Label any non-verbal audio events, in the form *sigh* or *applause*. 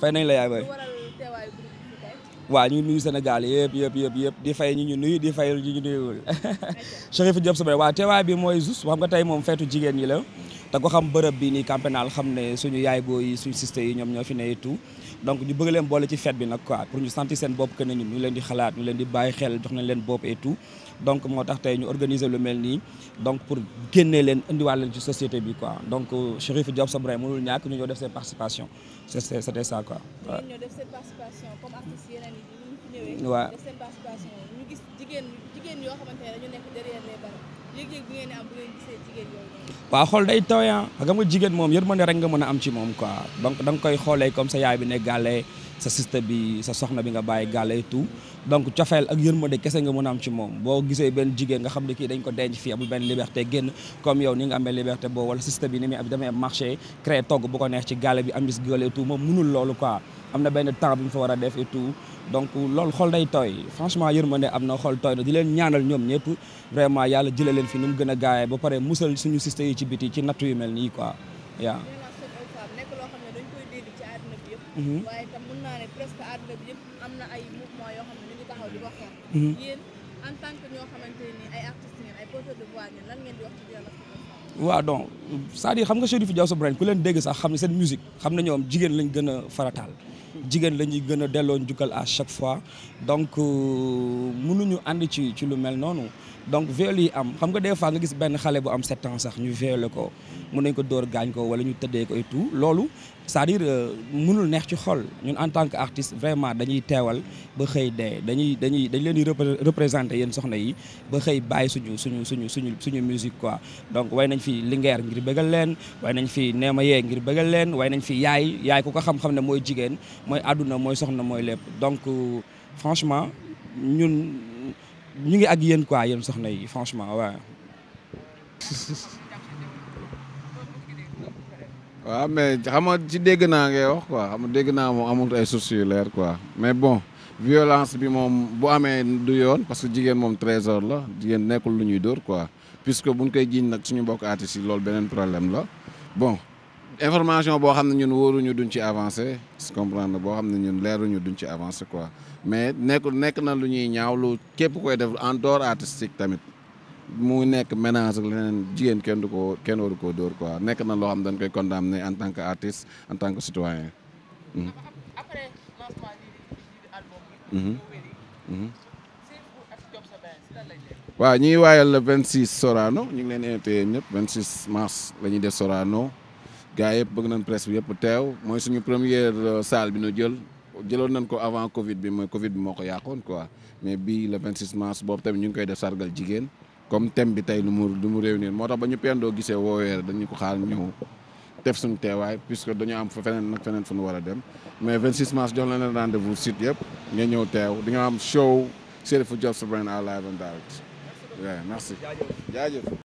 fay nañ la yaay bay waaw ñu ngi nuyu Sénégal yëpp yëpp yëpp yëpp di fay ñu ñu nuyu di fay ñu ñu nuyuwul *laughs* Chérif Diop Soubène waaw teewaay bi mooy juste xam nga tey moom feetu jigéen ñi la te ko bërëb bi nii Camp Pénal xam ne suñu yaay booy suñu siste yi ñoom ñoo fi ne tout donc ñu bëgg leen boole ci fête bi nag quoi pour ñu sentir seen bopp que ne ñun ñu leen di xalaat ñu leen di bàyyi xel jox nañ leen bopp et tout donc moo tax tey ñu organiser lu mel nii donc pour génnee leen indiwaat leen ci société bi quoi donc euh, Chérif Diop Sabray mënul ñàkk ñu ñoo def seen participation c' est c' ñoo def seen participation comme artistes yeneen yi waaw xool day tooy ah xam nga jigéen moom yërmande rek nga mën a am ci moom quoi donc da nga koy xoolee comme sa yaay bi ne gàllee sa siste bi sa soxna bi nga bàyyi gàlle et tout donc cofeel ak yërmande kese nga mën a am ci moom boo gisee benn jigéen nga xam ne kii dañ ko denc fii amul benn liberté génn comme yow ni nga amee liberté boobu wala bi ni muy am damay marché créé togg bu ko neex ci gàlle bi am bis gàlle et tout moom mënul loolu quoi am na benn temps bi mu fa war a def et tout donc loolu xol day tooy franchement yërmande am na xool tooy na di ñaanal ñoom ñëpp vraiment yàlla jëlee leen fi nu mu gën a gaawee ba pare musal suñu siste yi ci biti ci nattu yu mel nii quoi waaw Mm-hmm. waaye itam mën naa ne presque àdduna bi yëpp am na ay mouvement yoo xam ne ñu ngi taxaw di ko xeex. Mm-hmm. yéen en tant que ñoo xamante ne ay artistes ngeen ay porteurs de di xam nga Cherifou Diaw Sow Brand ku leen dégg sax xam ne seen musique xam na ñoom jigéen lañ gën a farataal. jigéen la ñuy gën a delloo njukkal à chaque fois donc euh, mënuñu ànd ci ci lu mel noonu donc viol yi am xam nga des fois nga gis benn xale bu am sept ans sax ñu violé ko mun nañ ko door gaañ ko wala ñu tëddee ko et loolu c'est-à-dire euh, neex ci xool ñun en tant que artiste vraiment dañuy teewal ba xëy dee dañuy dañuy dañ leen di représenter yéen soxna yi ba xëy bàyyi suñu suñu suñu suñu suñu musique quoi donc way nañ fi lingeer ngir bëggal leen way nañ fi neema yee ngir bëggal leen way nañ fi yaay yaay ku ko xam-xam ne mooy jigéen mooy àdduna mooy soxna mooy lépp donc euh, franchement ñun ñu ngi ak yéen quoi yéen soxna yi franchement waaw *laughs* waaw mais xam nga ci dégg naa ngay wax quoi xam dégg naa moom amul ay sources leer quoi mais bon violence bi moom bu amee du yoon parce que jigéen moom trésor la jigéen nekkul lu ñuy dóor quoi puisque buñ koy jiiñ nag suñu mbokk artistes yi loolu beneen problème la bon information boo xam ne ñun ñu duñ ci avancé comprendre boo xam ne ñun leeruñu duñ ci avancer quoi mais nekkul nekk na lu ñuy ñaaw lu képp koy def en dehors artistique tamit mu nekk ménage ak leneen jigéen kenn du ko kenn waru koo dóor quoi nekk na loo xam dañ koy condamner en tant que artiste en tant que citoyen. Hmm. après hmm. hmm. waaw ñuy waayal le 26 Sorano ñu ngi leen invité ñëpp 26 mars la ñuy def Sorano gars yëpp bëgg nañ presse bi yëpp teew mooy suñu premier euh, salle bi nu jël jëloo nan ko avant Covid bi mooy Covid bi moo ko yàqoon quoi mais bii le 26 mars boobu tamit ñu ngi koy def sargal jigéen. comme thème bi tey lu mu lu mu réunir moo tax ba ñu pendoo gisee woowee dañu ko xaar ñëw def suñu teewaay puisque dañu am fa feneen nag feneen fu nu war a dem mais 26 mars jox la leen rendez-vous site yëpp nga ñëw teew di nga am show Cherifou Job Sa Brain en live and direct merci jaajëf